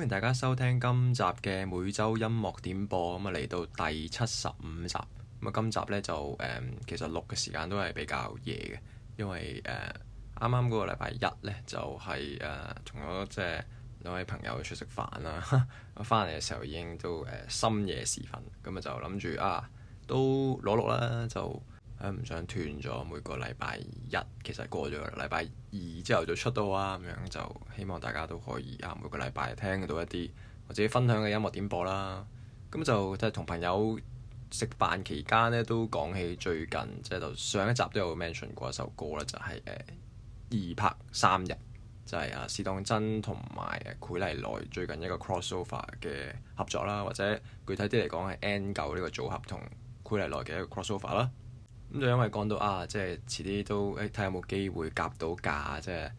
歡迎大家收聽今集嘅每周音樂點播，咁啊嚟到第七十五集，咁啊今集咧就誒、嗯，其實錄嘅時間都係比較夜嘅，因為誒啱啱嗰個禮拜一咧就係誒同咗即係兩位朋友去食飯啦，我翻嚟嘅時候已經都誒、呃、深夜時分，咁啊就諗住啊都攞錄啦就。唔、啊、想斷咗每個禮拜一，其實過咗禮拜二之後就出到啊。咁樣就希望大家都可以啊，每個禮拜聽到一啲或者分享嘅音樂點播啦。咁就即係同朋友食飯期間咧，都講起最近即係就是、上一集都有 mention 過一首歌咧，就係、是、誒、呃、二泊三日，就係、是、啊，是當真同埋誒許麗來最近一個 cross over 嘅合作啦，或者具體啲嚟講係 N 九呢個組合同許麗來嘅一個 cross over 啦。咁就因為講到啊，即係遲啲都誒睇下有冇機會夾到架，即係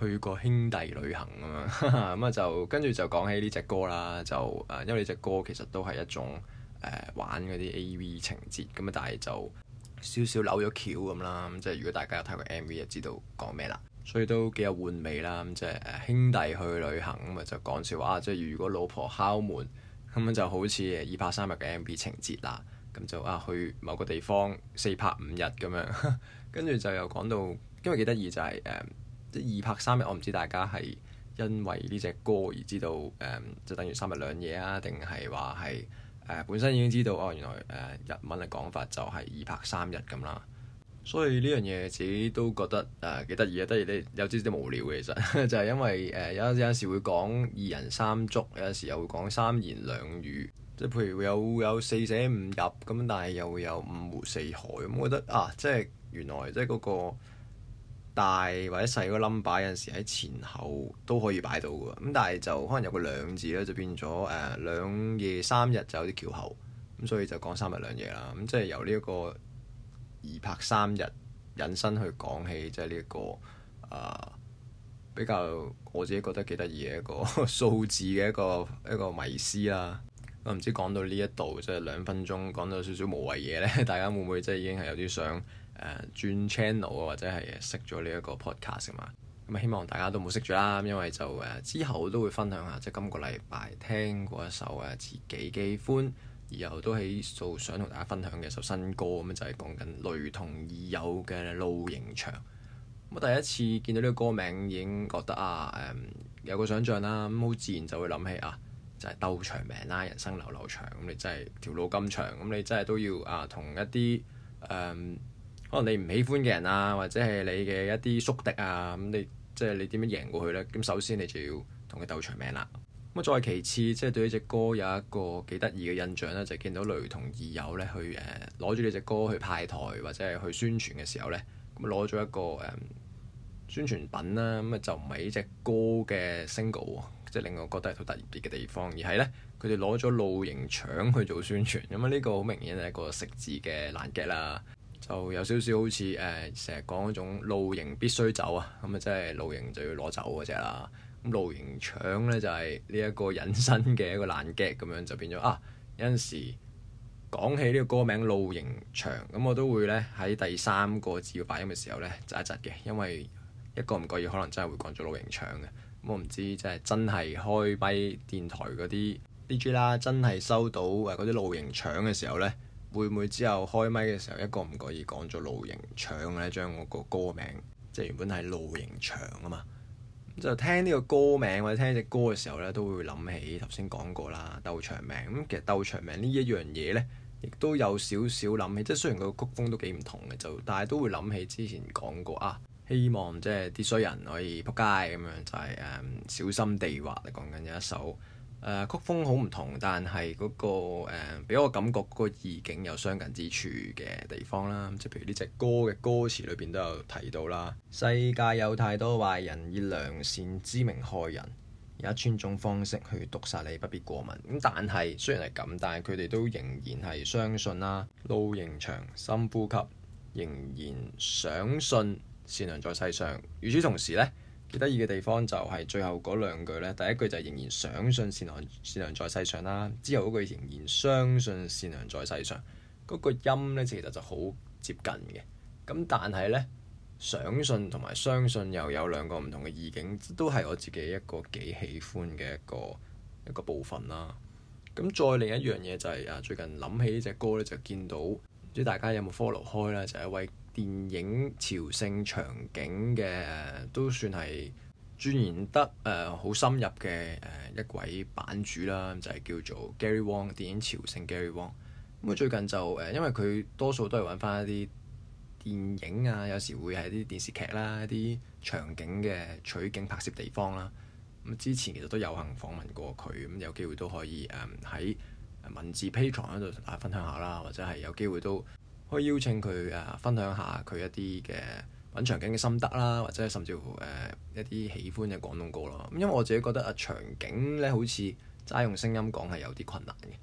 去個兄弟旅行咁嘛。咁啊、嗯、就跟住就講起呢隻歌啦，就誒、啊、因為呢隻歌其實都係一種誒、啊、玩嗰啲 A.V. 情節咁啊，但係就少少扭咗橋咁啦。咁即係如果大家有睇過 M.V. 就知道講咩啦。所以都幾有玩味啦。咁即係誒、啊、兄弟去旅行咁啊、嗯，就講笑啊，即係如果老婆敲門，咁、嗯、就好似二泊三日嘅 M.V. 情節啦。咁就啊去某個地方四泊五日咁樣，跟住就又講到，今日幾得意就係、是、誒、呃，即二泊三日。我唔知大家係因為呢隻歌而知道誒，即、呃、等於三日兩夜啊，定係話係誒本身已經知道哦、啊，原來誒、呃、日文嘅講法就係二泊三日咁啦。所以呢樣嘢自己都覺得誒幾得意啊，得意啲有少少啲無聊嘅其實，就係、是、因為誒有、呃、有時會講二人三足，有時又會講三言兩語。即係譬如有有四捨五入咁，但係又有五湖四海咁，我覺得啊，即係原來即係嗰個大或者細嗰個 number 有陣時喺前後都可以擺到㗎。咁但係就可能有個兩字咧，就變咗誒兩夜三日就有啲拗口咁，所以就講三日兩夜啦。咁即係由呢一個二泊三日引申去講起，即係呢一個啊、呃、比較我自己覺得幾得意嘅一個數 字嘅一個一個迷思啦。我唔、啊、知講到呢一度即係兩分鐘講到少少無謂嘢呢。大家會唔會即係已經係有啲想誒、呃、轉 channel 啊，或者係熄咗呢一個 podcast 啊？咁、嗯、希望大家都冇熄住啦，因為就誒、呃、之後都會分享下，即係今個禮拜聽過一首誒、啊、自己喜歡，然後都喺度想同大家分享嘅首新歌咁、嗯、就係講緊雷同二友嘅《露營腸》。咁、嗯、第一次見到呢個歌名已經覺得啊誒、嗯、有個想像啦，咁、啊、好、嗯、自然就會諗起啊。就係鬥長命啦，人生流流長，咁你真係條路咁長，咁你真係都要啊同一啲誒、嗯、可能你唔喜歡嘅人啊，或者係你嘅一啲宿敵啊，咁你即係你點樣贏過去呢？咁首先你就要同佢鬥長命啦。咁啊，再其次，即、就、係、是、對呢隻歌有一個幾得意嘅印象咧，就是、見到雷同二友呢去誒攞住呢隻歌去派台或者係去宣傳嘅時候呢，咁攞咗一個、嗯、宣傳品啦、啊，咁啊就唔係呢隻歌嘅 single。即係令我覺得係好特別嘅地方，而係呢，佢哋攞咗露營腸去做宣傳，咁啊呢個好明顯係一個食字嘅爛 gag 啦，就有少少好似誒成日講嗰種露營必須走啊，咁啊、嗯、即係露營就要攞走嗰隻啦，露營腸呢就係、是、呢一個引申嘅一個爛 gag 咁樣，就變咗啊，有陣時講起呢個歌名露營腸咁、嗯、我都會呢喺第三個字要發音嘅時候呢窒一窒嘅，因為一個唔覺意可能真係會講咗露營腸嘅。我唔知，即係真係開咪電台嗰啲 DJ 啦，真係收到誒嗰啲露營腸嘅時候呢，會唔會之後開咪嘅時候一個唔覺意講咗露營腸呢？將我個歌名即係、就是、原本係路仍長啊嘛，就聽呢個歌名或者聽隻歌嘅時候呢，都會諗起頭先講過啦，鬥長命。咁其實鬥長命呢一樣嘢呢，亦都有少少諗起，即係雖然個曲風都幾唔同嘅，就但係都會諗起之前講過啊。希望即係啲衰人可以仆街咁樣、就係，就係誒小心地滑。講緊有一首誒、呃、曲風好唔同，但係嗰、嗰個誒俾、嗯、我感覺嗰個意境有相近之處嘅地方啦。即係譬如呢隻歌嘅歌詞裏邊都有提到啦，世界有太多壞人以良善之名害人，而一千種方式去毒殺你，不必過問。咁但係雖然係咁，但係佢哋都仍然係相信啦。路仍長，深呼吸，仍然相信。善良在世上，與此同時呢，幾得意嘅地方就係最後嗰兩句咧。第一句就係仍然相信善良善良在世上啦、啊，之後嗰句仍然相信善良在世上嗰、嗰個音呢，其實就好接近嘅。咁但係呢，相信同埋相信又有兩個唔同嘅意境，都係我自己一個幾喜歡嘅一個一個部分啦。咁再另一樣嘢就係、係、啊，最近諗起呢隻歌有有呢，就見到唔知大家有冇 follow 開啦，就係一位，電影朝聖場景嘅都算係鑽研得誒好、呃、深入嘅誒、呃、一位版主啦，就係、是、叫做 Gary Wong，電影朝聖 Gary Wong。咁佢最近就誒、呃，因為佢多數都係揾翻一啲電影啊，有時會係一啲電視劇啦、一啲場景嘅取景拍攝地方啦。咁之前其實都有幸訪問過佢，咁有機會都可以誒喺、呃、文字 Patreon 度同大家分享下啦，或者係有機會都，可以邀請佢誒分享下佢一啲嘅搵場景嘅心得啦，或者甚至乎誒、呃、一啲喜歡嘅廣東歌咯。咁因為我自己覺得啊場景咧，好似齋用聲音講係有啲困難嘅。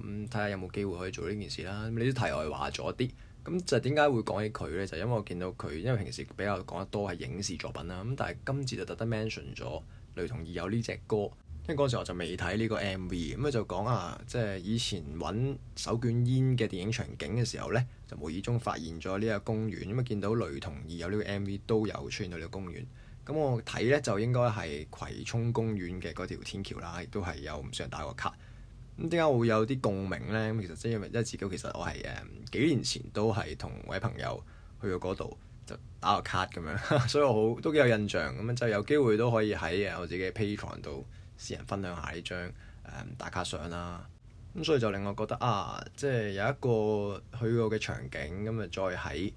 咁睇下有冇機會可以做呢件事啦。你都題外話咗啲，咁就點解會講起佢咧？就是、因為我見到佢，因為平時比較講得多係影視作品啦。咁但係今次就特登 mention 咗《雷同二友》呢隻歌。因為嗰時我就未睇呢個 MV，咁啊就講啊，即係以前揾手捲煙嘅電影場景嘅時候呢，就無意中發現咗呢個公園。咁啊見到雷同二友呢個 MV 都有出現到呢個公園。咁我睇呢，就應該係葵涌公園嘅嗰條天橋啦，亦都係有唔少人打個卡。咁點解我會有啲共鳴呢？咁其實即係因為因為自己其實我係誒、嗯、幾年前都係同位朋友去到嗰度就打個卡咁樣， 所以我好都幾有印象。咁就有機會都可以喺誒我自己 Patreon 度。私人分享下呢張誒打卡相啦，咁、嗯、所以就令我覺得啊，即係有一個去過嘅場景，咁、嗯、啊再喺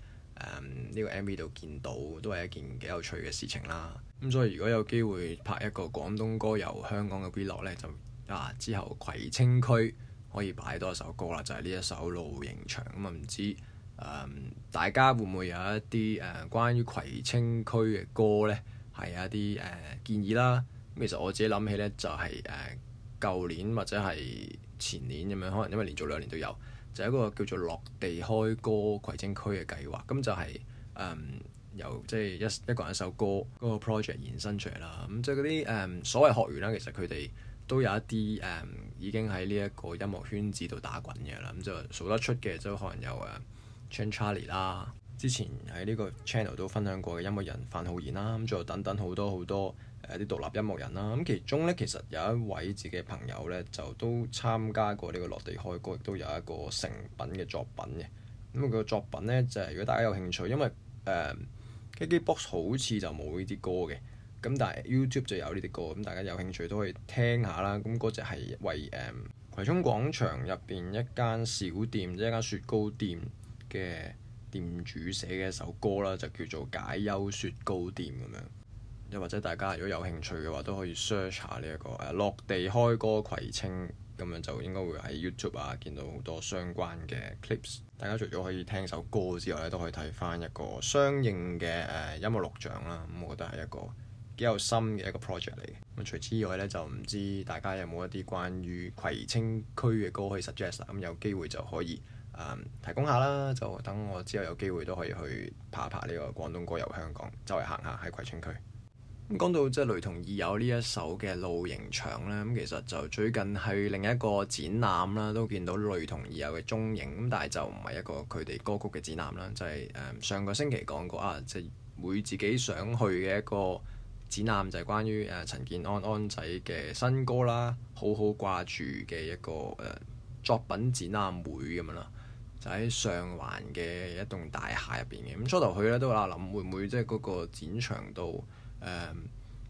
誒呢個 MV 度見到，都係一件幾有趣嘅事情啦。咁、嗯、所以如果有機會拍一個廣東歌遊香港嘅 Vlog 咧，就啊之後葵青區可以擺多一首歌啦，就係、是、呢一首《露營腸》嗯。咁啊唔知誒、嗯、大家會唔會有一啲誒、呃、關於葵青區嘅歌咧，係有一啲誒、呃、建議啦？其實我自己諗起咧，就係誒舊年或者係前年咁樣，可能因為連續兩年都有，就係、一個叫做落地開歌葵青區嘅計劃。咁、嗯、就係誒由即係一一個人一首歌嗰、嗰個 project 延伸出嚟啦。咁即係嗰啲誒所謂學員啦，其實佢哋都有一啲誒、嗯、已經喺呢一個音樂圈子度打滾嘅啦。咁、嗯、就數得出嘅，就係、可能有誒、uh, c h a n g Charlie 啦，之前喺呢個 channel 都分享過嘅音樂人范浩然啦，咁再等等好多好多。誒啲、呃、獨立音樂人啦，咁其中咧其實有一位自己嘅朋友咧就都參加過呢個落地開歌，亦都有一個成品嘅作品嘅。咁佢個作品咧就係、是、如果大家有興趣，因為誒、嗯、KKBOX 好似就冇呢啲歌嘅，咁、嗯、但係 YouTube 就有呢啲歌，咁、嗯、大家有興趣都可以聽下啦。咁嗰隻係為誒、嗯、葵涌廣場入邊一間小店，即一間雪糕店嘅店主寫嘅一首歌啦，就叫做《解憂雪糕店》咁樣。又或者大家如果有興趣嘅話，都可以 search 下呢、這、一個誒、啊、落地開歌葵青咁樣，就應該會喺 YouTube 啊見到好多相關嘅 clips。大家除咗可以聽首歌之外咧，都可以睇返一個相應嘅誒、呃、音樂錄像啦。咁、嗯、我覺得係一個幾有心嘅一個 project 嚟嘅。咁、嗯、除此之外咧，就唔知大家有冇一啲關於葵青區嘅歌可以 suggest 啦。咁、嗯、有機會就可以、嗯、提供下啦。就等我之後有機會都可以去爬一爬呢個廣東歌遊香港，周圍行下喺葵青區。咁講到即係雷同二友呢一首嘅《露營腸》呢，咁其實就最近係另一個展覽啦，都見到雷同二友嘅蹤影。咁但係就唔係一個佢哋歌曲嘅展覽啦，就係、是、誒上個星期講過啊，即係每自己想去嘅一個展覽，就係、是、關於啊陳健安安仔嘅新歌啦，《好好掛住》嘅一個誒作品展覽會咁樣啦，就喺、是、上環嘅一棟大廈入邊嘅。咁初頭去咧都話諗會唔會即係嗰個展場度？誒得、呃、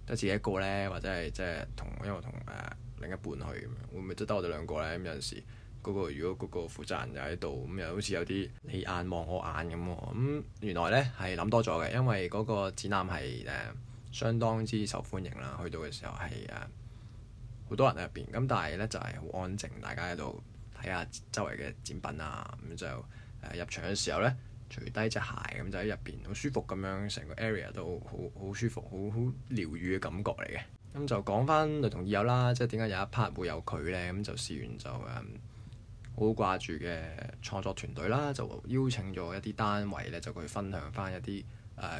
自己一個咧，或者係即係同，因為同誒、呃、另一半去，會唔會都得我哋兩個咧？咁、嗯、有陣時嗰、那個如果嗰個負責人又喺度，咁、嗯、又好似有啲你眼望我眼咁喎、哦。咁、嗯、原來咧係諗多咗嘅，因為嗰個展覽係誒、呃、相當之受歡迎啦。去到嘅時候係誒好多人喺入邊，咁但係咧就係、是、好安靜，大家喺度睇下周圍嘅展品啊。咁、嗯、就誒、呃、入場嘅時候咧。除低隻鞋，咁就喺入邊，好舒服咁樣，成個 area 都好好舒服，好好療愈嘅感覺嚟嘅。咁就講翻《雷同二友》啦，即係點解有一 part 會有佢呢？咁就試完就誒，好掛住嘅創作團隊啦，就邀請咗一啲單位呢，就去分享翻一啲誒，佢、呃、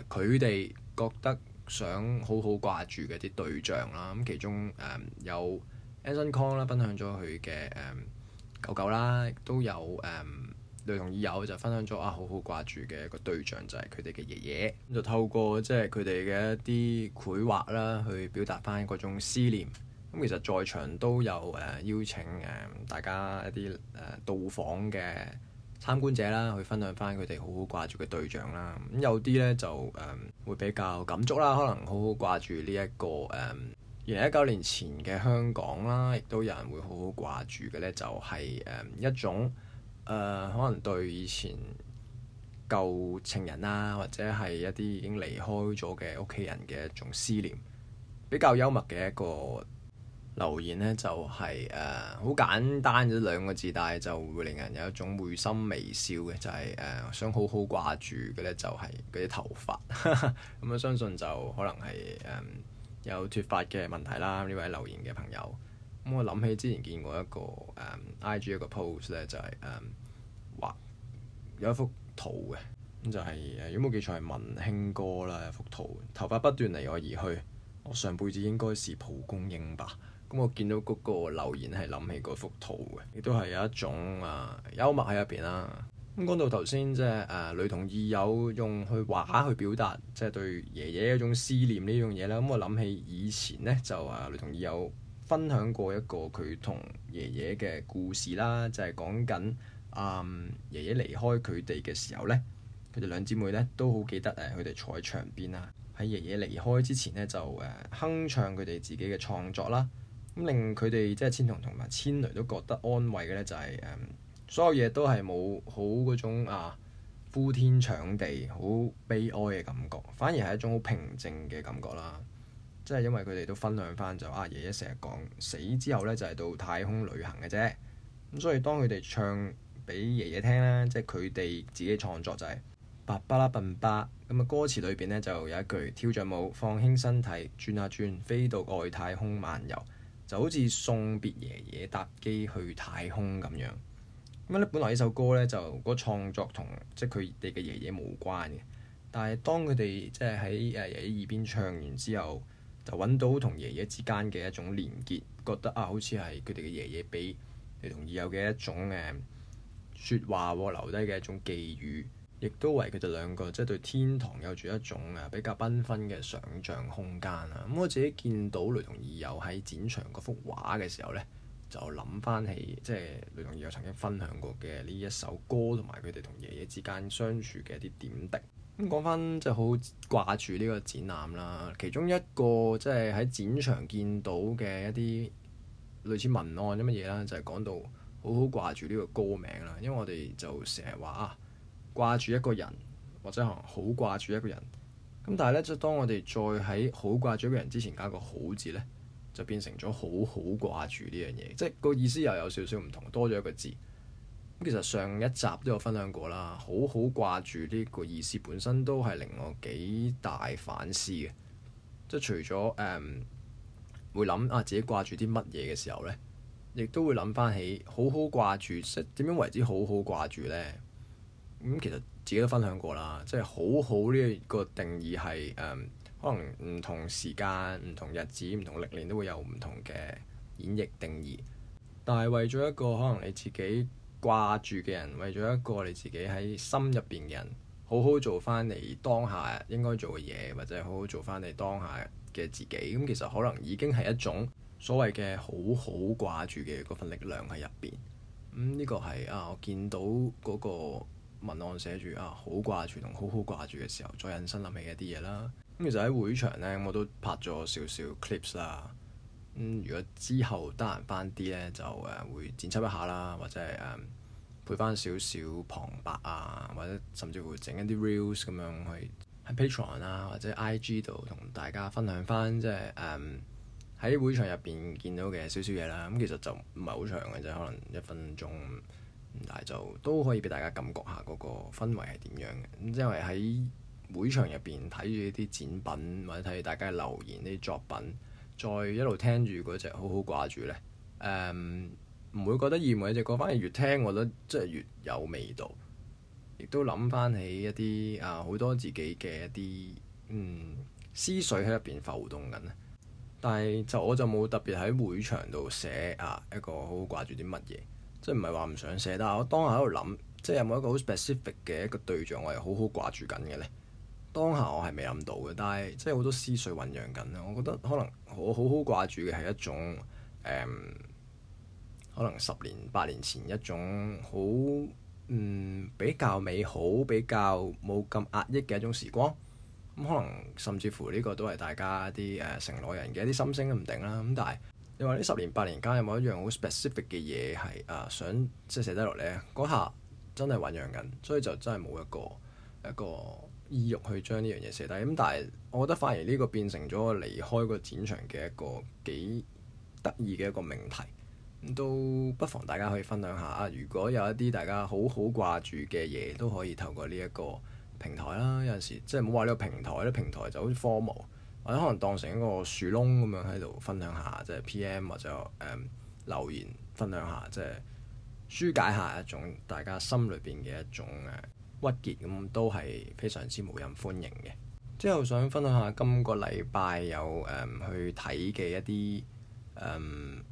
哋覺得想好好掛住嘅啲對象啦。咁其中誒、嗯、有 Anson Kong 啦，分享咗佢嘅誒狗狗啦，亦都有誒。嗯同義友就分享咗啊，好好掛住嘅一個對象就係佢哋嘅爺爺、嗯，就透過即係佢哋嘅一啲繪畫啦，去表達返嗰種思念。咁、嗯、其實在場都有誒、呃、邀請誒、呃、大家一啲誒到訪嘅參觀者啦，去分享返佢哋好好掛住嘅對象啦。咁、嗯、有啲呢，就誒、呃、會比較感觸啦，可能好好掛住呢一個誒二零一九年前嘅香港啦，亦都有人會好好掛住嘅呢，就係、是、誒、呃、一種。誒、uh, 可能對以前舊情人啦、啊，或者係一啲已經離開咗嘅屋企人嘅一種思念，比較幽默嘅一個留言呢，就係誒好簡單一兩個字，但係就會令人有一種會心微笑嘅，就係、是、誒、uh, 想好好掛住嘅呢，就係嗰啲頭髮，咁我相信就可能係誒、um, 有脫髮嘅問題啦，呢位留言嘅朋友。咁我諗起之前見過一個誒、um, I G 一個 post 咧，就係誒畫有一幅圖嘅，咁就係如果冇記錯係文興哥啦有幅圖，頭髮不斷離我而去，我上輩子應該是蒲公英吧。咁我見到嗰個留言係諗起嗰幅圖嘅，亦都係有一種誒、啊、幽默喺入邊啦。咁、啊、講到頭先即係誒雷同二友用去畫去表達即係、就是、對爺爺一種思念呢樣嘢咧，咁我諗起以前咧就誒、呃、雷同二友。分享過一個佢同爺爺嘅故事啦，就係、是、講緊啊、嗯、爺爺離開佢哋嘅時候呢，佢哋兩姐妹呢都好記得誒，佢哋坐喺牆邊啊，喺爺爺離開之前呢，就誒、啊、哼唱佢哋自己嘅創作啦，咁、啊、令佢哋即係千桐同埋千雷都覺得安慰嘅呢、就是，就、啊、係所有嘢都係冇好嗰種啊呼天搶地好悲哀嘅感覺，反而係一種好平靜嘅感覺啦。啊即係因為佢哋都分享翻就啊，爺爺成日講死之後咧就係到太空旅行嘅啫。咁所以當佢哋唱畀爺爺聽啦，即係佢哋自己創作就係爸爸啦笨爸。咁啊歌詞裏邊咧就有一句，跳着舞放輕身體，轉啊轉飛到外太空漫遊，就好似送別爺爺搭機去太空咁樣。咁咧本來呢首歌咧就嗰個創作同即係佢哋嘅爺爺冇關嘅，但係當佢哋即係喺誒爺爺耳邊唱完之後。就揾到同爺爺之間嘅一種連結，覺得啊，好似係佢哋嘅爺爺俾雷同二友嘅一種誒説、啊、話留低嘅一種寄語，亦都為佢哋兩個即係、就是、對天堂有住一種啊比較繽紛嘅想像空間啊！咁、嗯、我自己見到雷同二友喺展場嗰幅畫嘅時候呢就諗翻起即係、就是、雷同二友曾經分享過嘅呢一首歌，同埋佢哋同爺爺之間相處嘅一啲點滴。咁講翻即係好掛住呢個展覽啦，其中一個即係喺展場見到嘅一啲類似文案咁嘅嘢啦，就係講到好好掛住呢個歌名啦，因為我哋就成日話啊掛住一個人或者可能好掛住一個人，咁但係咧，即係當我哋再喺好掛住一個人之前加個好字咧，就變成咗好好掛住呢樣嘢，即係個意思又有少少唔同，多咗一個字。咁其實上一集都有分享過啦，好好掛住呢個意思本身都係令我幾大反思嘅。即係除咗誒、嗯、會諗啊，自己掛住啲乜嘢嘅時候呢，亦都會諗翻起好好掛住，即係點為之好好掛住呢？咁、嗯、其實自己都分享過啦，即係好好呢個定義係、嗯、可能唔同時間、唔同日子、唔同歷年都會有唔同嘅演繹定義，但係為咗一個可能你自己掛住嘅人，為咗一個你自己喺心入邊嘅人，好好做翻你當下應該做嘅嘢，或者好好做翻你當下嘅自己。咁其實可能已經係一種所謂嘅好好掛住嘅嗰份力量喺入邊。咁、嗯、呢、呢個係啊，我見到嗰個文案寫住啊，好掛住同好好掛住嘅時候，再引申諗起一啲嘢啦。咁、嗯、其實喺會場呢，我都拍咗少少 clips 啦。咁、嗯、如果之後得閒翻啲咧，就誒、呃、會剪輯一下啦，或者係誒、呃、配翻少少旁白啊，或者甚至會整一啲 reels 咁樣去喺 Patreon 啊或者 IG 度同大家分享翻，即係誒喺會場入邊見到嘅少少嘢啦。咁、嗯、其實就唔係好長嘅啫，可能一分鐘，但係就都可以俾大家感覺下嗰個氛圍係點樣嘅。咁即係喺會場入邊睇住啲展品，或者睇大家留言呢啲作品。再一路聽住嗰隻好好掛住呢。唔、um, 會覺得厭嘅一隻歌，反而越聽我覺得即係越有味道，亦都諗翻起一啲啊好多自己嘅一啲、嗯、思緒喺入邊浮動緊。但係就我就冇特別喺會場度寫啊一個好好掛住啲乜嘢，即係唔係話唔想寫，但係我當下喺度諗，即係有冇一個好 specific 嘅一個對象，我係好好掛住緊嘅呢。當下我係未諗到嘅，但係即係好多思緒醖釀緊啦。我覺得可能我好好掛住嘅係一種誒、嗯，可能十年八年前一種好嗯比較美好、比較冇咁壓抑嘅一種時光咁、嗯。可能甚至乎呢個都係大家啲誒、呃、承諾人嘅一啲心聲都唔定啦。咁但係你話呢十年八年間有冇一樣好 specific 嘅嘢係誒想即係寫得落咧？嗰下真係醖釀緊，所以就真係冇一個一個。一個意欲去將呢樣嘢寫低，咁但係我覺得反而呢個變成咗我離開個展場嘅一個幾得意嘅一個命題，都不妨大家可以分享下啊！如果有一啲大家好好掛住嘅嘢，都可以透過呢一個平台啦。有陣時即係唔好話呢個平台，呢平台就好似 formal 或者可能當成一個樹窿咁樣喺度分享下，即係 PM 或者誒、嗯、留言分享下，即係舒解一下一種大家心裏邊嘅一種誒。嗯屈結咁都係非常之冇人歡迎嘅。之後想分享下今個禮拜有誒、嗯、去睇嘅一啲誒、嗯、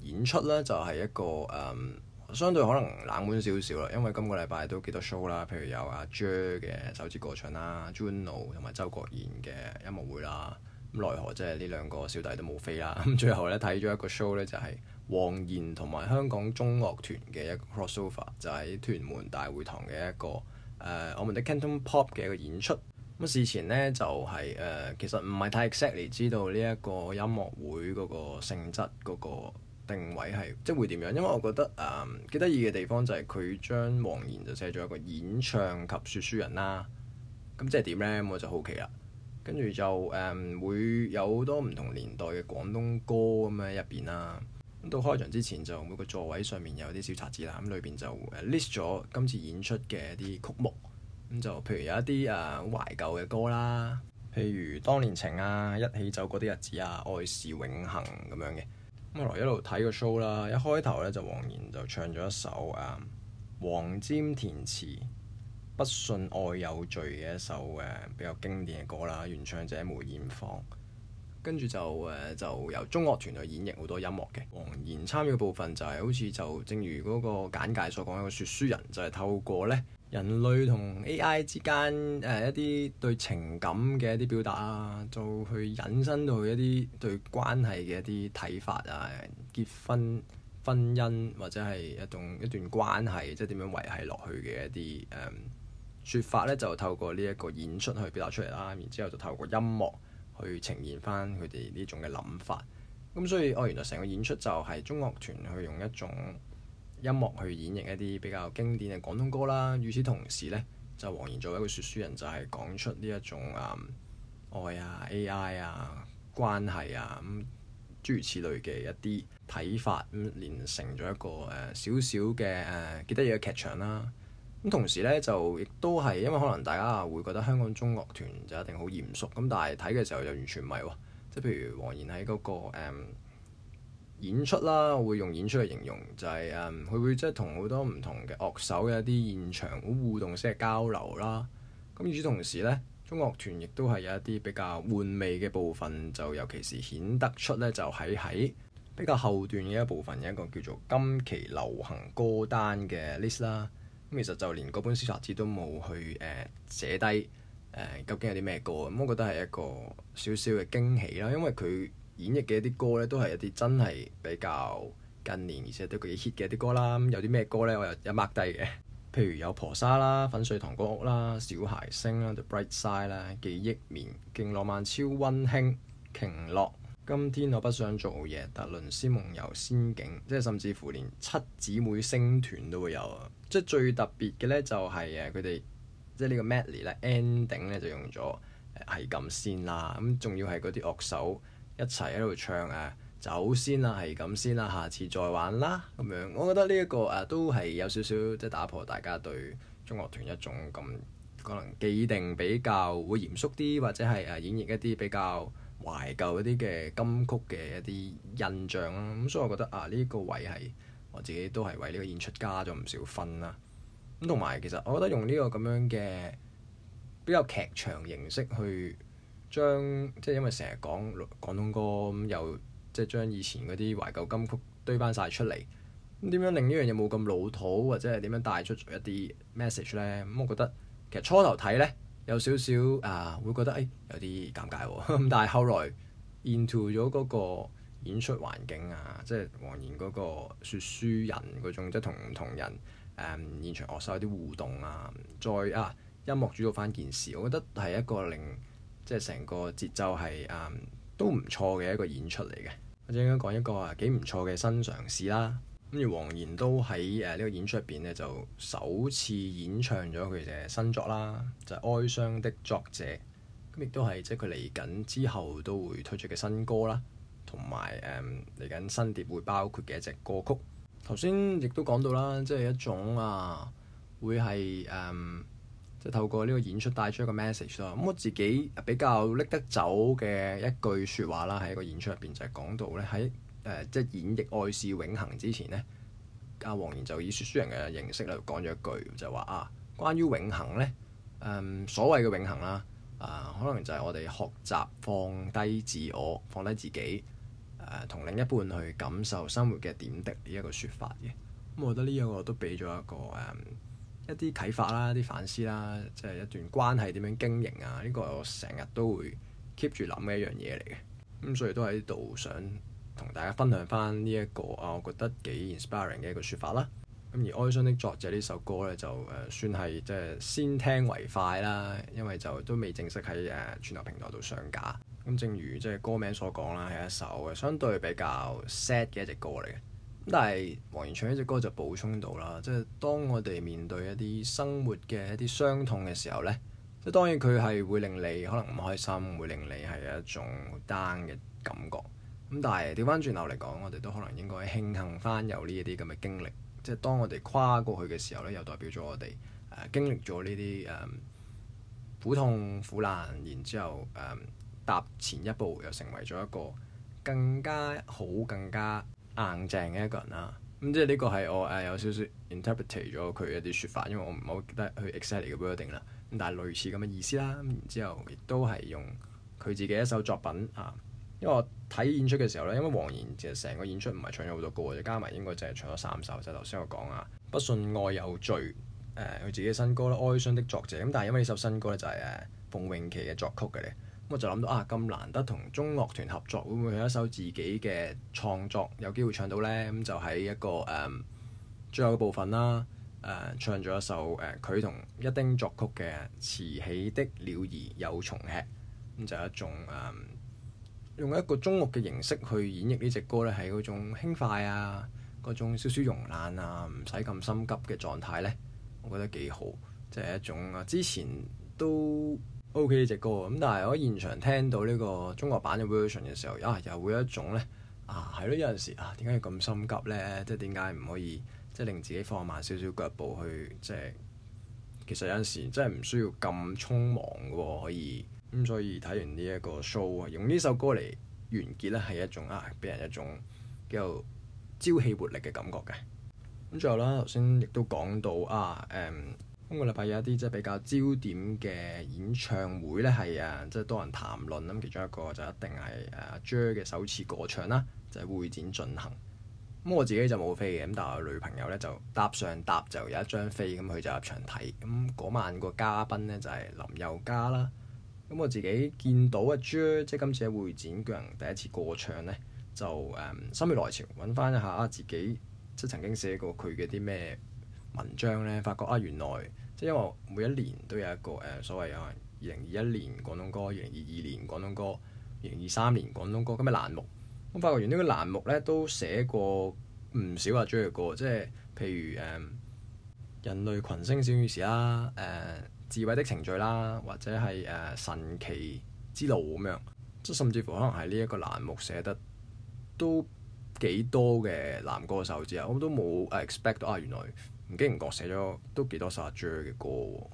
演出咧，就係、是、一個誒、嗯、相對可能冷門少少啦，因為今個禮拜都幾多 show 啦，譬如有阿 Jer 嘅、er、首次個唱啦、Juno 同埋周國賢嘅音樂會啦。咁奈何即係呢兩個小弟都冇飛啦。咁最後咧睇咗一個 show 咧，就係黃妍同埋香港中樂團嘅一個 cross over，就喺屯門大會堂嘅一個。誒，uh, 我們的 Canton Pop 嘅一個演出，咁事前呢就係、是、誒，uh, 其實唔係太 exactly 知道呢一個音樂會嗰個性質嗰個定位係即會點樣，因為我覺得誒幾得意嘅地方就係佢將黃妍就寫咗一個演唱及説書人啦。咁即係點呢？我就好奇啦。跟住就誒、um, 會有好多唔同年代嘅廣東歌咁樣入邊啦。到開場之前就每個座位上面有啲小冊子啦，咁裏邊就 list 咗今次演出嘅啲曲目，咁就譬如有一啲誒、啊、懷舊嘅歌啦，譬如《當年情》啊，《一起走過啲日子》啊，《愛是永恆》咁樣嘅。咁我嚟一路睇個 show 啦，一開頭呢，就黃妍就唱咗一首誒、啊、黃霑填詞、不信愛有罪嘅一首誒、啊、比較經典嘅歌啦，原唱者梅艷芳。跟住就誒就由中樂團去演繹好多音樂嘅。黃妍參與嘅部分就係好似就正如嗰個簡介所講，一個說書人就係透過咧人類同 AI 之間誒、呃、一啲對情感嘅一啲表達啊，就去引申到一啲對關係嘅一啲睇法啊，結婚、婚姻或者係一種一段關係，即係點樣維係落去嘅一啲誒、嗯、說法呢就透過呢一個演出去表達出嚟啦。然之後就透過音樂，去呈現翻佢哋呢種嘅諗法，咁所以我、哦、原來成個演出就係中樂團去用一種音樂去演繹一啲比較經典嘅廣東歌啦。與此同時呢，就黃妍作為一個說書人，就係講出呢一種啊、嗯、愛啊 AI 啊關係啊咁諸如此類嘅一啲睇法咁、嗯、連成咗一個誒少少嘅誒幾得意嘅劇場啦。咁同時咧，就亦都係因為可能大家會覺得香港中樂團就一定好嚴肅咁，但係睇嘅時候就完全唔係喎。即係譬如黃妍喺嗰個、嗯、演出啦，我會用演出嚟形容，就係、是、佢、嗯、會即係同好多唔同嘅樂手有一啲現場好互動式嘅交流啦。咁與此同時呢，中樂團亦都係有一啲比較玩味嘅部分，就尤其是顯得出呢，就喺喺比較後段嘅一部分有一個叫做今期流行歌單嘅 list 啦。咁其實就連嗰本《小冊子》都冇去誒寫低誒、呃，究竟有啲咩歌咁、嗯、我覺得係一個少少嘅驚喜啦，因為佢演繹嘅一啲歌咧，都係一啲真係比較近年而且都幾 hit 嘅一啲歌啦。嗯、有啲咩歌咧，我又有 mark 低嘅，譬如有《婆沙》啦，《粉碎糖果屋》啦，《小孩聲》啦，《The Bright Side》啦，棉《記憶棉》勁浪漫超溫馨，《瓊樂》。今天我不想做嘢，特倫斯夢遊仙境，即係甚至乎連七姊妹星團都會有。即係最特別嘅呢，就係誒佢哋即係呢個 Madly ending 咧就用咗係咁先啦。咁仲要係嗰啲樂手一齊喺度唱誒、啊、走先啦，係咁先啦，下次再玩啦咁樣。我覺得呢、這、一個誒、啊、都係有少少即係打破大家對中樂團一種咁可能既定比較會嚴肅啲或者係誒演繹一啲比較懷舊一啲嘅金曲嘅一啲印象，咁所以我覺得啊呢一、這個位係。我自己都係為呢個演出加咗唔少分啦，咁同埋其實我覺得用呢個咁樣嘅比較劇場形式去將，即係因為成日講廣東歌咁又即係將以前嗰啲懷舊金曲堆翻晒出嚟，咁點樣令呢樣嘢冇咁老土或者係點樣帶出一啲 message 咧？咁我覺得其實初頭睇咧有少少啊會覺得誒、哎、有啲尷尬、啊，咁但係後來 into 咗嗰、嗰個。演出環境啊，即係黃妍嗰個說書人嗰種，即係同唔同人誒、嗯、現場樂手有啲互動啊。再啊，音樂主導翻件事，我覺得係一個令即係成個節奏係誒、嗯、都唔錯嘅一個演出嚟嘅。或者應該講一個幾唔錯嘅新嘗試啦。跟住黃妍都喺誒呢個演出入邊咧，就首次演唱咗佢嘅新作啦，就係《哀傷的作者》，咁亦都係即係佢嚟緊之後都會推出嘅新歌啦。同埋誒嚟緊新碟會包括嘅一隻歌曲。頭先亦都講到啦，即係一種啊，會係誒，即係透過呢個演出帶出一個 message 啦。咁我自己比較拎得走嘅一句説話啦，喺個演出入邊就係講到呢，喺誒即係演繹愛是永恆之前呢，阿黃妍就以説書人嘅形式嚟講咗一句，就話啊，關於永恆呢，誒所謂嘅永恆啦，啊可能就係我哋學習放低自我，放低自己，同另一半去感受生活嘅點滴呢一個說法嘅，咁、嗯、我覺得呢一個都俾咗一個誒一啲啟發啦、一啲反思啦，即係一段關係點樣經營啊？呢、這個我成日都會 keep 住諗嘅一樣嘢嚟嘅，咁、嗯、所以都喺度想同大家分享翻呢一、這個啊，我覺得幾 inspiring 嘅一個說法啦。咁、嗯、而《哀傷的作者》呢首歌呢，就誒、呃、算係即係先聽為快啦，因為就都未正式喺誒串流平台度上，上架。咁正如即係歌名所講啦，係一首相對比較 sad 嘅一隻歌嚟嘅。咁但係黃妍唱呢隻歌就補充到啦，即係當我哋面對一啲生活嘅一啲傷痛嘅時候呢，即係當然佢係會令你可能唔開心，會令你係一種 down 嘅感覺。咁但係調翻轉頭嚟講，我哋都可能應該慶幸翻有呢一啲咁嘅經歷。即係當我哋跨過去嘅時候呢，又代表咗我哋誒、呃、經歷咗呢啲誒苦痛苦難，然之後誒。嗯踏前一步，又成為咗一個更加好、更加硬正嘅一個人啦。咁、嗯、即係呢個係我誒、呃、有少少 interpret 咗佢一啲説法，因為我唔好記得去 exact 嘅 wording 啦。咁但係類似咁嘅意思啦。然、嗯、之後亦都係用佢自己一首作品啊。因為我睇演出嘅時候咧，因為黃妍其實成個演出唔係唱咗好多歌，就加埋應該就係唱咗三首。就係頭先我講啊，不信愛有罪誒，佢、呃、自己新歌啦，《哀傷的作者》咁、嗯。但係因為呢首新歌咧、就是，就係誒馮穎琪嘅作曲嘅咧。我就諗到啊，咁難得同中樂團合作，會唔會有一首自己嘅創作有機會唱到呢，咁就喺一個誒、嗯、最後嘅部分啦，誒、嗯、唱咗一首誒佢同一丁作曲嘅《慈禧的鳥兒有蟲吃》，咁就一種誒、嗯、用一個中樂嘅形式去演繹呢隻歌咧，係嗰種輕快啊，嗰種少少慵懶啊，唔使咁心急嘅狀態呢，我覺得幾好，就係、是、一種啊，之前都。O.K. 呢隻歌咁，但係我現場聽到呢個中國版嘅 version 嘅時候，啊又會有一種呢，啊，係咯，有陣時啊，點解要咁心急呢？即係點解唔可以即係令自己放慢少少腳步去，即係、就是，其實有陣時真係唔需要咁匆忙嘅喎，可以咁。所以睇完呢一個 show 一啊，用呢首歌嚟完結呢係一種啊，俾人一種比較朝氣活力嘅感覺嘅。咁最後啦，頭先亦都講到啊，誒、嗯。今個禮拜有一啲即係比較焦點嘅演唱會咧，係啊，即係多人談論。咁其中一個就一定係阿 Jer 嘅、er、首次個唱啦，就係、是、會展進行。咁我自己就冇飛嘅，咁但係我女朋友咧就搭上搭就有一張飛，咁佢就入場睇。咁嗰晚個嘉賓咧就係、是、林宥嘉啦。咁我自己見到阿 Jer、er，即係今次喺會展舉行第一次個唱咧，就誒、嗯、心血來潮，揾翻一下啊自己即係曾經寫過佢嘅啲咩文章咧，發覺啊原來～因為每一年都有一個誒、呃、所謂啊，二零二一年廣東歌，二零二二年廣東歌，二零二三年廣東歌，咁嘅欄目，咁發覺原呢個欄目咧都寫過唔少啊，主題歌，即係譬如誒、呃、人類群星閃耀時啦，誒、呃、智慧的程序啦，或者係誒、呃、神奇之路咁樣，即係甚至乎可能係呢一個欄目寫得都幾多嘅男歌手之後，我都冇 expect 啊，原來。唔經唔覺寫咗都幾多首阿 J 嘅歌喎、啊，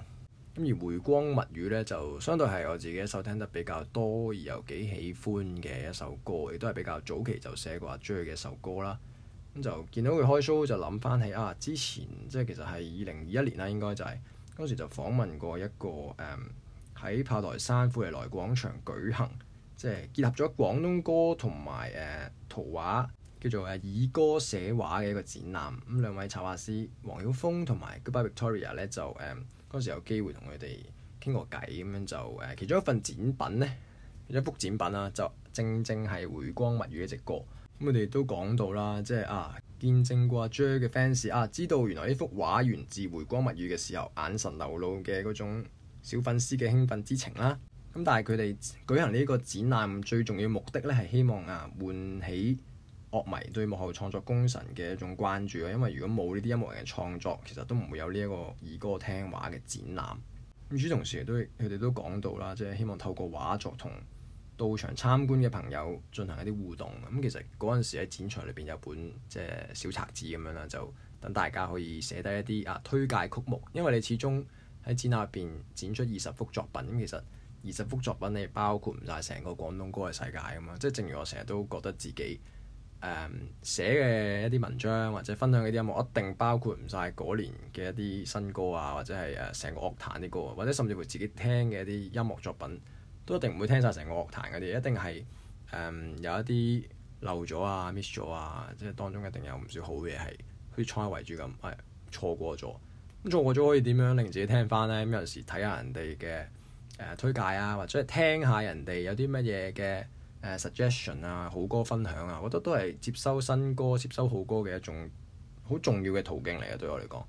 咁而《迴光物語》呢，就相對係我自己一首聽得比較多而又幾喜歡嘅一首歌，亦都係比較早期就寫過阿 J 嘅一首歌啦。咁就見到佢開 show 就諗翻起啊，之前即係其實係二零二一年啦，應該就係、是、嗰時就訪問過一個誒喺、嗯、炮台山富麗來廣場舉行，即係結合咗廣東歌同埋誒圖畫。叫做誒以歌聽畫嘅一個展覽咁，兩位插畫師黃曉峰同埋 Goodbye Victoria 咧就誒嗰、uh, 時有機會同佢哋傾過偈咁樣就誒、uh, 其中一份展品咧一幅展品啦、啊，就正正係《迴光物語》一隻歌咁。佢哋都講到啦，即係啊，見證過阿、啊、Jer 嘅、er、fans 啊，知道原來呢幅畫源自《迴光物語》嘅時候，眼神流露嘅嗰種小粉絲嘅興奮之情啦。咁但係佢哋舉行呢個展覽最重要的目的咧，係希望啊，喚起樂迷對幕後創作功臣嘅一種關注，因為如果冇呢啲音樂人嘅創作，其實都唔會有呢一個以歌聽畫嘅展覽。咁，同時亦都佢哋都講到啦，即係希望透過畫作同到場參觀嘅朋友進行一啲互動。咁其實嗰陣時喺展場裏邊有本即係、就是、小冊子咁樣啦，就等大家可以寫低一啲啊推介曲目，因為你始終喺展覽入邊展出二十幅作品，咁其實二十幅作品你包括唔晒成個廣東歌嘅世界啊嘛。即係正如我成日都覺得自己。誒、嗯、寫嘅一啲文章或者分享嘅啲音樂，一定包括唔晒嗰年嘅一啲新歌啊，或者係誒成個樂壇啲歌啊，或者甚至乎自己聽嘅一啲音樂作品，都一定唔會聽晒成個樂壇嗰啲，一定係誒、嗯、有一啲漏咗啊、miss 咗啊，即係當中一定有唔少好嘢係去錯為主咁，係、哎、錯過咗。咁錯過咗可以點樣令自己聽翻呢？咁、嗯、有時睇下人哋嘅誒推介啊，或者係聽下人哋有啲乜嘢嘅。誒、uh, suggestion 啊，好歌分享啊，我覺得都係接收新歌、接收好歌嘅一種好重要嘅途徑嚟嘅，對我嚟講。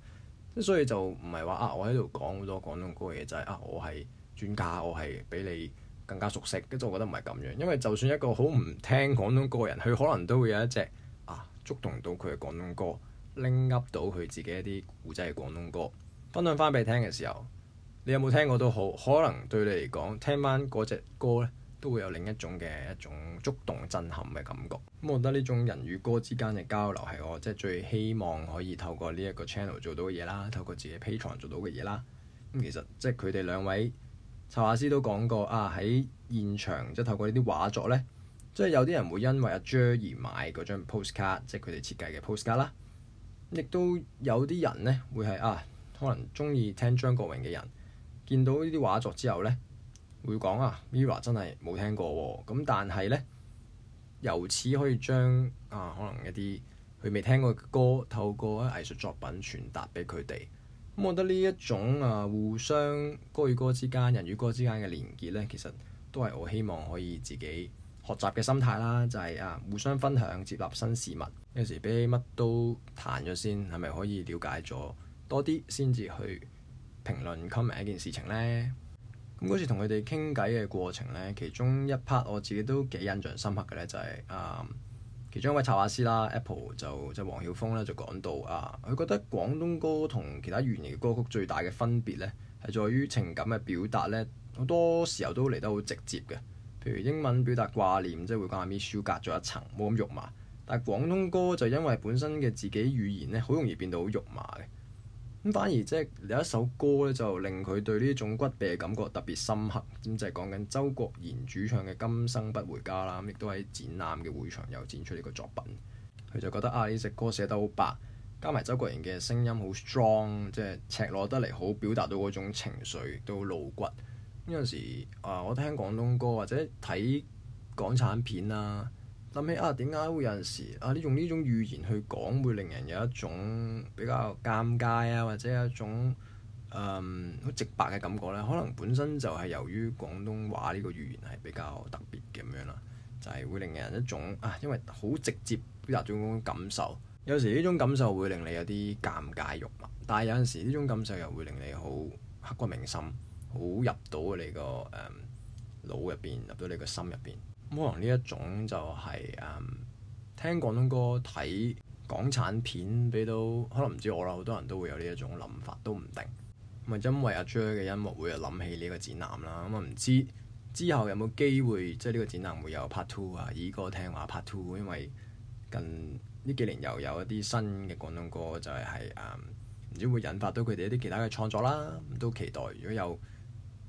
咁所以就唔係話啊，我喺度講好多廣東歌嘅嘢，就係、是、啊，我係專家，我係比你更加熟悉。跟住我覺得唔係咁樣，因為就算一個好唔聽廣東歌嘅人，佢可能都會有一隻啊觸動到佢嘅廣東歌，拎噏到佢自己一啲古仔嘅廣東歌，分享翻俾你聽嘅時候，你有冇聽過都好，可能對你嚟講聽翻嗰隻歌咧。都會有另一種嘅一種觸動震撼嘅感覺。咁我覺得呢種人與歌之間嘅交流，係我即係最希望可以透過呢一個 channel 做到嘅嘢啦，透過自己 p 批藏做到嘅嘢啦。咁其實即係佢哋兩位插畫師都講過啊，喺現場即係透過呢啲畫作呢，即係有啲人會因為阿 J、er、而買嗰張 postcard，即係佢哋設計嘅 postcard 啦。亦都有啲人呢會係啊，可能中意聽張國榮嘅人見到呢啲畫作之後呢。會講啊 MIRROR 真係冇聽過咁、啊，但係呢，由此可以將啊，可能一啲佢未聽過嘅歌，透過藝術作品傳達畀佢哋。咁、啊，我覺得呢一種啊，互相歌與歌之間、人與歌之間嘅連結呢，其實都係我希望可以自己學習嘅心態啦。就係、是、啊，互相分享、接納新事物，有時畀乜都彈咗先，係咪可以了解咗多啲先至去評論 comment 一件事情呢？咁嗰次同佢哋傾偈嘅過程呢，其中一 part 我自己都幾印象深刻嘅呢，就係啊，嗯，其中一位插畫師啦，Apple 就即係黃曉峰咧，就講到啊，佢覺得廣東歌同其他語言嘅歌曲最大嘅分別呢，係在於情感嘅表達呢，好多時候都嚟得好直接嘅，譬如英文表達掛念即係會講下 miss you，隔咗一層冇咁肉麻，但係廣東歌就因為本身嘅自己語言呢，好容易變到好肉麻嘅。咁反而即係有一首歌咧，就令佢對呢種骨痺嘅感覺特別深刻。咁就係講緊周國賢主唱嘅《今生不回家》啦。亦都喺展覽嘅會場又展出呢個作品。佢就覺得啊，呢隻歌寫得好白，加埋周國賢嘅聲音好 strong，即係赤裸得嚟好表達到嗰種情緒都好露骨。有陣時啊，我聽廣東歌或者睇港產片啊。諗起啊，點解會有陣時啊？你用呢種語言去講，會令人有一種比較尷尬啊，或者有一種嗯好直白嘅感覺咧。可能本身就係由於廣東話呢個語言係比較特別嘅咁樣啦，就係會令人一種啊，因為好直接入咗嗰種感受。有時呢種感受會令你有啲尷尬慾啊，但係有陣時呢種感受又會令你好刻骨銘心，好入到你個誒、嗯、腦入邊，入到你個心入邊。可能呢一種就係、是、嗯，聽廣東歌、睇港產片，俾到可能唔知我啦，好多人都會有呢一種諗法，都唔定。咁因為阿 Jer 嘅音樂會又諗起呢個展覽啦。咁、嗯、啊，唔知之後有冇機會即係呢個展覽會有 part two 啊，以歌聽畫 part two，因為近呢幾年又有一啲新嘅廣東歌，就係、是、係，嗯，唔知會引發到佢哋一啲其他嘅創作啦。咁都期待如果有。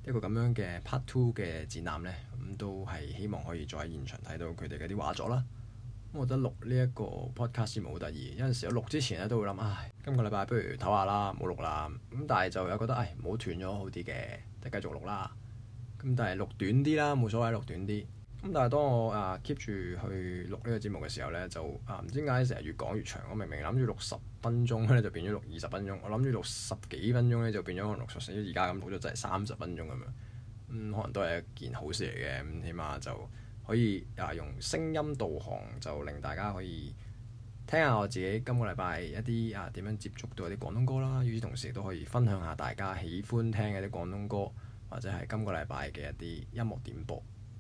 一個咁樣嘅 Part Two 嘅展覽呢，咁、嗯、都係希望可以再喺現場睇到佢哋嗰啲畫作啦、嗯。我覺得錄呢一個 Podcast 係冇得意，有陣時我錄之前咧都會諗，唉，今個禮拜不如唞下啦，唔好錄啦。咁但係就有覺得，唉，唔好斷咗好啲嘅，得繼續錄，錄啦。咁但係錄短啲啦，冇所謂，錄短啲。咁但係，當我啊、uh, keep 住去錄呢個節目嘅時候呢，就啊唔、uh, 知點解成日越講越長。我明明諗住錄十分鐘，咧就變咗錄二十分鐘。我諗住錄十幾分鐘咧，就變咗可能錄熟成而家咁，錄咗就係三十分鐘咁樣、嗯。可能都係一件好事嚟嘅，咁起碼就可以啊、uh, 用聲音導航，就令大家可以聽下我自己今個禮拜一啲啊點樣接觸到啲廣東歌啦。與此同時，都可以分享下大家喜歡聽嘅啲廣東歌，或者係今個禮拜嘅一啲音樂點播。